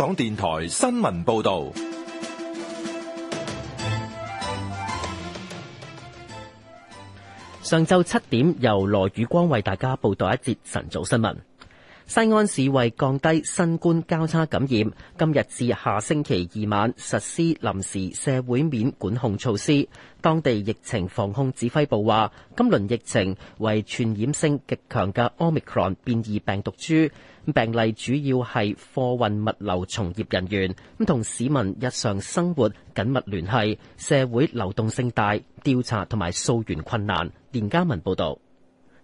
港電台新聞報道：上晝七點，由羅宇光為大家報道一節晨早新聞。西安市為降低新冠交叉感染，今日至下星期二晚實施臨時社會面管控措施。當地疫情防控指揮部話，今輪疫情為傳染性極強嘅 Omicron 變異病毒株。病例主要係貨運物流從業人員，咁同市民日常生活緊密聯繫，社會流動性大，調查同埋溯源困難，連嘉文報道。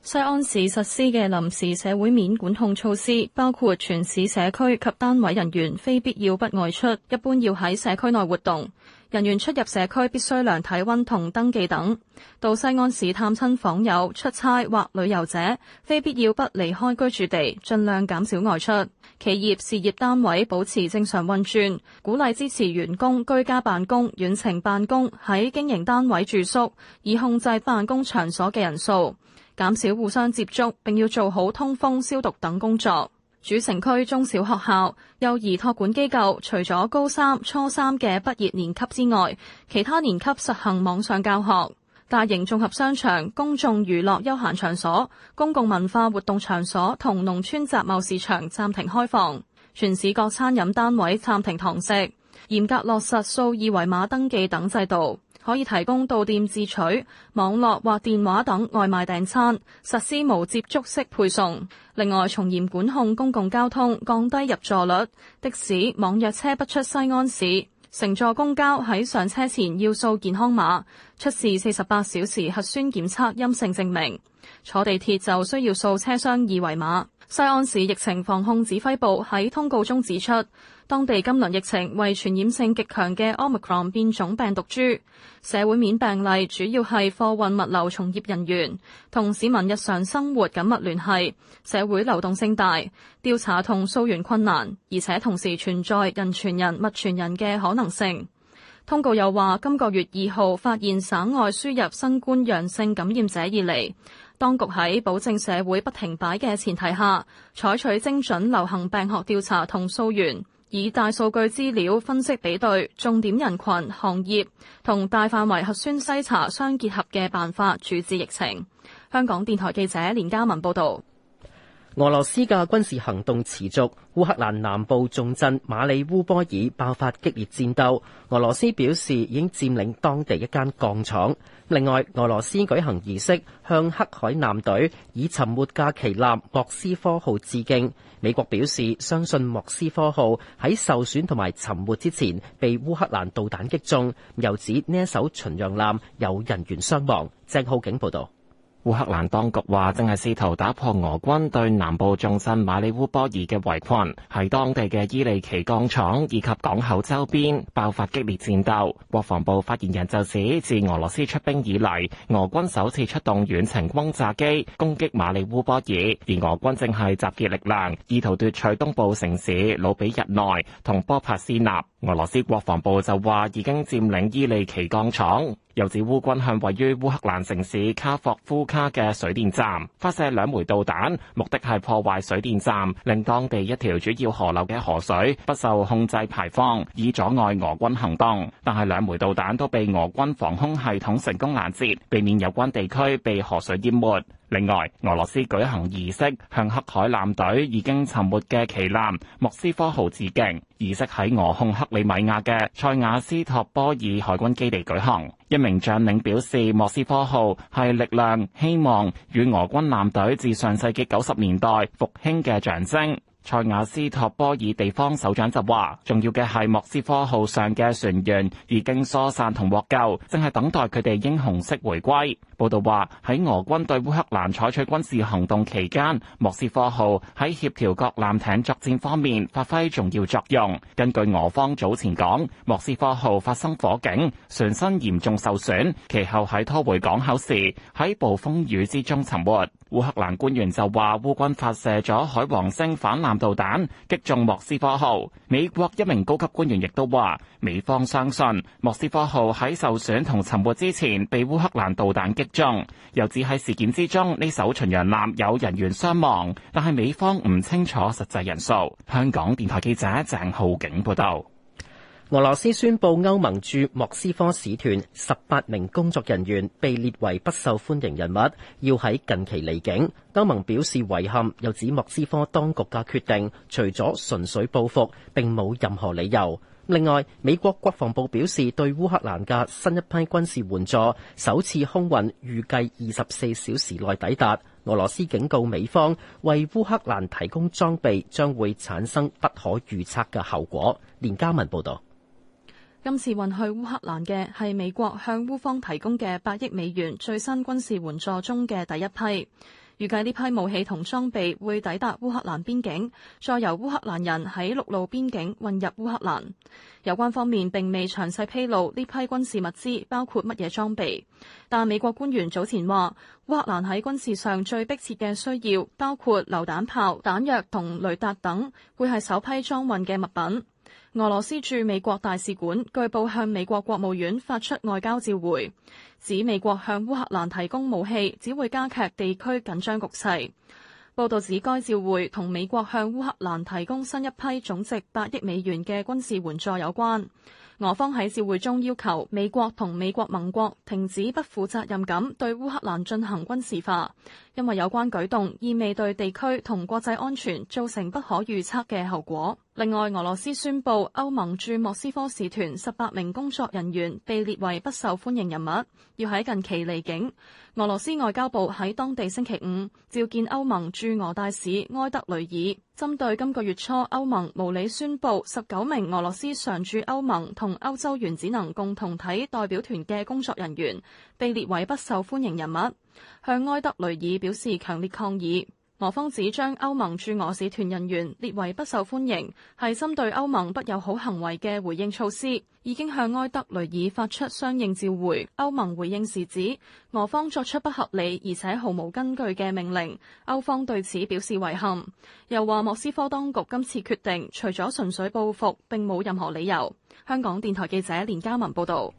西安市實施嘅臨時社會面管控措施包括：全市社區及單位人員非必要不外出，一般要喺社區內活動；人員出入社區必須量體溫同登記等。到西安市探親訪友、出差或旅遊者，非必要不離開居住地，盡量減少外出。企業事業單位保持正常運轉，鼓勵支持員工居家辦公、遠程辦公，喺經營單位住宿，以控制辦公場所嘅人數。減少互相接觸，並要做好通風、消毒等工作。主城區中小學校、幼兒托管機構，除咗高三、初三嘅畢業年級之外，其他年級實行網上教學。大型綜合商場、公眾娛樂休閒場所、公共文化活動場所同農村集貿市場暫停開放。全市各餐飲單位暫停堂食，嚴格落實掃二維碼登記等制度。可以提供到店自取、網絡或電話等外賣訂餐，實施無接觸式配送。另外，從嚴管控公共交通，降低入座率，的士、網約車不出西安市，乘坐公交喺上車前要掃健康碼，出示四十八小時核酸檢測陰性證明，坐地鐵就需要掃車廂二維碼。西安市疫情防控指揮部喺通告中指出，當地今輪疫情為傳染性極強嘅 Omicron 變種病毒株，社會面病例主要係貨運物流從業人員同市民日常生活緊密聯繫，社會流動性大，調查同溯源困難，而且同時存在人傳人、物傳人嘅可能性。通告又話，今個月二號發現省外輸入新冠陽性感染者以嚟。當局喺保證社會不停擺嘅前提下，採取精準流行病學調查同溯源，以大數據資料分析比對重點人群、行業同大範圍核酸篩查相結合嘅辦法處置疫情。香港電台記者連嘉文報道。俄羅斯嘅軍事行動持續，烏克蘭南部重鎮馬里烏波爾爆發激烈戰鬥。俄羅斯表示已經佔領當地一間鋼廠。另外，俄羅斯舉行儀式，向黑海艦隊以沉沒嘅旗艦莫斯科號致敬。美國表示相信莫斯科號喺受損同埋沉沒之前，被烏克蘭導彈擊中。又指呢一艘巡洋艦有人員傷亡。鄭浩景報導。烏克蘭當局話正係試圖打破俄軍對南部重鎮馬里烏波爾嘅圍困，喺當地嘅伊利奇鋼廠以及港口周邊爆發激烈戰鬥。國防部發言人就指，自俄羅斯出兵以嚟，俄軍首次出動遠程轟炸機攻擊馬里烏波爾，而俄軍正係集結力量，意圖奪取東部城市魯比日內同波帕斯納。俄羅斯國防部就話已經佔領伊利奇鋼廠。又指烏軍向位於烏克蘭城市卡霍夫卡嘅水電站發射兩枚導彈，目的係破壞水電站，令當地一條主要河流嘅河水不受控制排放，以阻礙俄軍行動。但係兩枚導彈都被俄軍防空系統成功攔截，避免有關地區被河水淹沒。另外，俄羅斯舉行儀式，向黑海艦隊已經沉沒嘅旗艦莫斯科號致敬。儀式喺俄控克里米亞嘅塞瓦斯托波爾海軍基地舉行。一名將領表示，莫斯科號係力量、希望與俄軍艦隊自上世紀九十年代復興嘅象徵。塞瓦斯托波爾地方首長就話，重要嘅係莫斯科號上嘅船員已經疏散同獲救，正係等待佢哋英雄式回歸。報道話喺俄軍對烏克蘭採取軍事行動期間，莫斯科號喺協調各艦艇作戰方面發揮重要作用。根據俄方早前講，莫斯科號發生火警，船身嚴重受損，其後喺拖回港口時，喺暴風雨之中沉沒。烏克蘭官員就話，烏軍發射咗海王星反艦導彈擊中莫斯科號。美國一名高級官員亦都話，美方相信莫斯科號喺受損同沉沒之前被烏克蘭導彈擊中。又指喺事件之中呢艘巡洋艦有人員傷亡，但係美方唔清楚實際人數。香港電台記者鄭浩景報道。俄羅斯宣布，歐盟駐莫斯科使團十八名工作人員被列為不受歡迎人物，要喺近期離境。歐盟表示遺憾，又指莫斯科當局嘅決定，除咗純粹報復，並冇任何理由。另外，美國國防部表示，對烏克蘭嘅新一批軍事援助，首次空運預計二十四小時內抵達。俄羅斯警告美方，為烏克蘭提供裝備將會產生不可預測嘅後果。連加文報導。今次運去烏克蘭嘅係美國向烏方提供嘅八億美元最新軍事援助中嘅第一批，預計呢批武器同裝備會抵達烏克蘭邊境，再由烏克蘭人喺陸路邊境運入烏克蘭。有關方面並未詳細披露呢批軍事物資包括乜嘢裝備，但美國官員早前話，烏克蘭喺軍事上最迫切嘅需要包括榴彈炮、彈藥同雷達等，會係首批裝運嘅物品。俄羅斯駐美國大使館據報向美國國務院發出外交照會，指美國向烏克蘭提供武器只會加劇地區緊張局勢。報道指該照會同美國向烏克蘭提供新一批總值八億美元嘅軍事援助有關。俄方喺召會中要求美國同美國盟國停止不負責任咁對烏克蘭進行軍事化，因為有關舉動意味對地區同國際安全造成不可預測嘅後果。另外，俄羅斯宣布歐盟駐莫斯科使團十八名工作人員被列為不受歡迎人物，要喺近期離境。俄羅斯外交部喺當地星期五召見歐盟駐俄大使埃德雷爾。針對今個月初歐盟無理宣布十九名俄羅斯常駐歐盟同歐洲原子能共同體代表團嘅工作人員，被列為不受歡迎人物，向埃德雷爾表示強烈抗議。俄方指將歐盟駐俄使團人員列為不受歡迎，係針對歐盟不友好行為嘅回應措施，已經向埃德雷爾發出相應召回。歐盟回應時指，俄方作出不合理而且毫無根據嘅命令，歐方對此表示遺憾，又話莫斯科當局今次決定除咗純粹報復，並冇任何理由。香港電台記者連家文報道。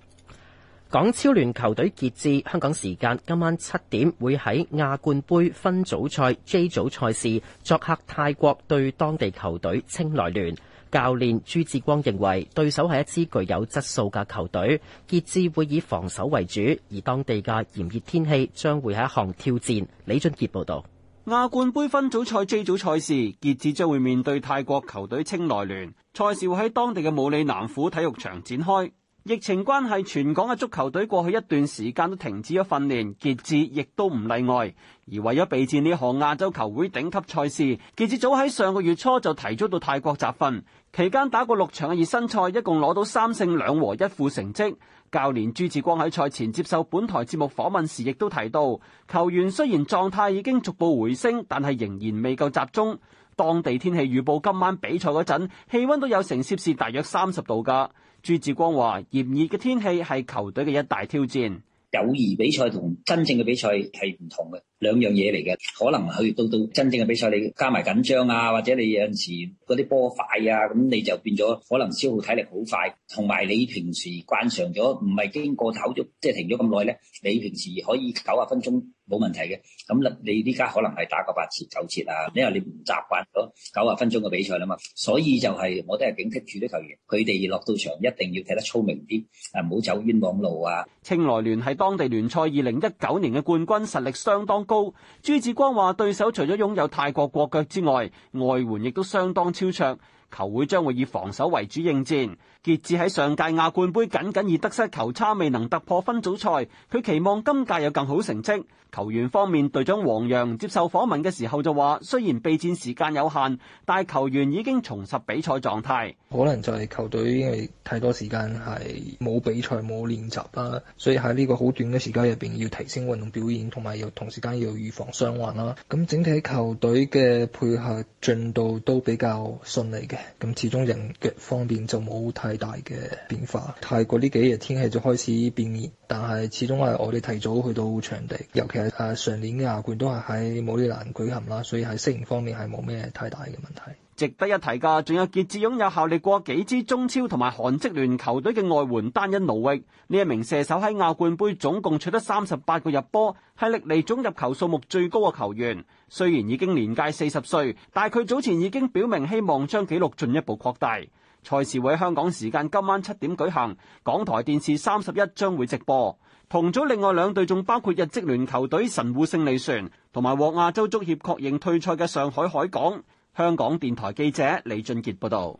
港超聯球隊傑志，香港時間今晚七點會喺亞冠杯分組賽 J 組賽事作客泰國對當地球隊清萊聯。教練朱志光認為對手係一支具有質素嘅球隊，傑志會以防守為主，而當地嘅炎熱天氣將會係一項挑戰。李俊傑報道：亞冠杯分組賽 J 組賽事，傑志將會面對泰國球隊清萊聯，賽事會喺當地嘅武里南府體育場展開。疫情關係，全港嘅足球隊過去一段時間都停止咗訓練，傑志亦都唔例外。而為咗備戰呢項亞洲球會頂級賽事，傑志早喺上個月初就提早到泰國集訓，期間打過六場嘅熱身賽，一共攞到三勝兩和一負成績。教練朱志光喺賽前接受本台節目訪問時，亦都提到，球員雖然狀態已經逐步回升，但係仍然未夠集中。當地天氣預報今晚比賽嗰陣，氣溫都有成攝氏大約三十度噶。朱志光話：炎熱嘅天氣係球隊嘅一大挑戰。友誼比賽同真正嘅比賽係唔同嘅。兩樣嘢嚟嘅，可能去到到真正嘅比賽，你加埋緊張啊，或者你有陣時嗰啲波快啊，咁、嗯、你就變咗可能消耗體力好快，同埋你平時慣常咗，唔係經過唞咗，即係停咗咁耐咧，你平時可以九啊分鐘冇問題嘅，咁、嗯、你呢家可能係打個八折九折啊，因為你唔習慣咗九啊分鐘嘅比賽啦、啊、嘛，所以就係、是、我都係警惕住啲球員，佢哋落到場一定要踢得聰明啲，啊唔好走冤枉路啊。青來聯係當地聯賽二零一九年嘅冠軍，實力相當。高朱志光話：對手除咗擁有泰國國腳之外，外援亦都相當超卓。球會將會以防守為主應戰。傑志喺上屆亞冠盃僅僅以得失球差未能突破分組賽，佢期望今屆有更好成績。球員方面，隊長黃洋接受訪問嘅時候就話：雖然備戰時間有限，但係球員已經重拾比賽狀態。可能就係球隊因為太多時間係冇比賽冇練習啦，所以喺呢個好短嘅時間入邊要提升運動表現，同埋要同時間要預防傷患啦。咁整體球隊嘅配合進度都比較順利嘅。咁始終人腳方面就冇太大嘅變化。泰國呢幾日天氣就開始變熱，但係始終係我哋提早去到場地，尤其係誒上年嘅亞冠都係喺武里南舉行啦，所以喺適應方面係冇咩太大嘅問題。值得一提噶，仲有傑志擁有效力過幾支中超同埋韓職聯球隊嘅外援單一奴域，呢一名射手喺亞冠盃總共取得三十八個入波，係歷嚟總入球數目最高嘅球員。雖然已經年屆四十歲，但佢早前已經表明希望將紀錄進一步擴大。賽事會喺香港時間今晚七點舉行，港台電視三十一將會直播。同組另外兩隊仲包括日職聯球隊神戶勝利船同埋獲亞洲足協確，確認退賽嘅上海海港。香港電台記者李俊杰報道：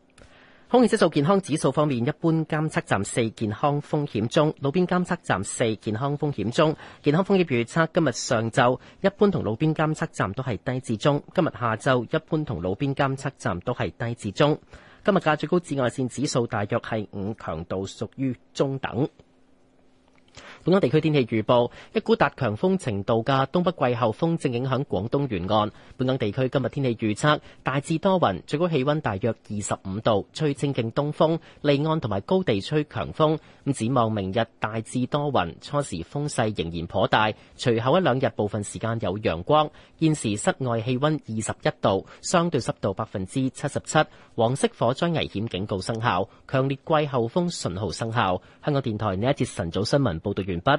空氣質素健康指數方面，一般監測站四健康風險中，路邊監測站四健康風險中。健康風險預測今日上晝一般同路邊監測站都係低至中，今日下晝一般同路邊監測站都係低至中。今日嘅最高紫外線指數大約係五，強度屬於中等。本港地區天氣預報：一股達強風程度嘅東北季候風正影響廣東沿岸。本港地區今日天氣預測大致多雲，最高氣溫大約二十五度，吹清勁東風，離岸同埋高地吹強風。咁展望明日大致多雲，初時風勢仍然頗大，隨後一兩日部分時間有陽光。現時室外氣溫二十一度，相對濕度百分之七十七，黃色火災危險警告生效，強烈季候風信號生效。香港電台呢一節晨早新聞。報讀完畢。